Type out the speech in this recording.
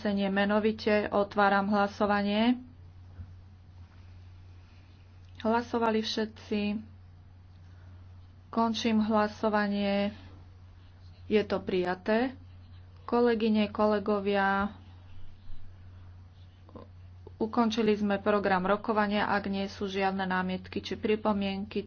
uznesenie menovite. Otváram hlasovanie. Hlasovali všetci. Končím hlasovanie. Je to prijaté. Kolegyne, kolegovia, ukončili sme program rokovania. Ak nie sú žiadne námietky či pripomienky,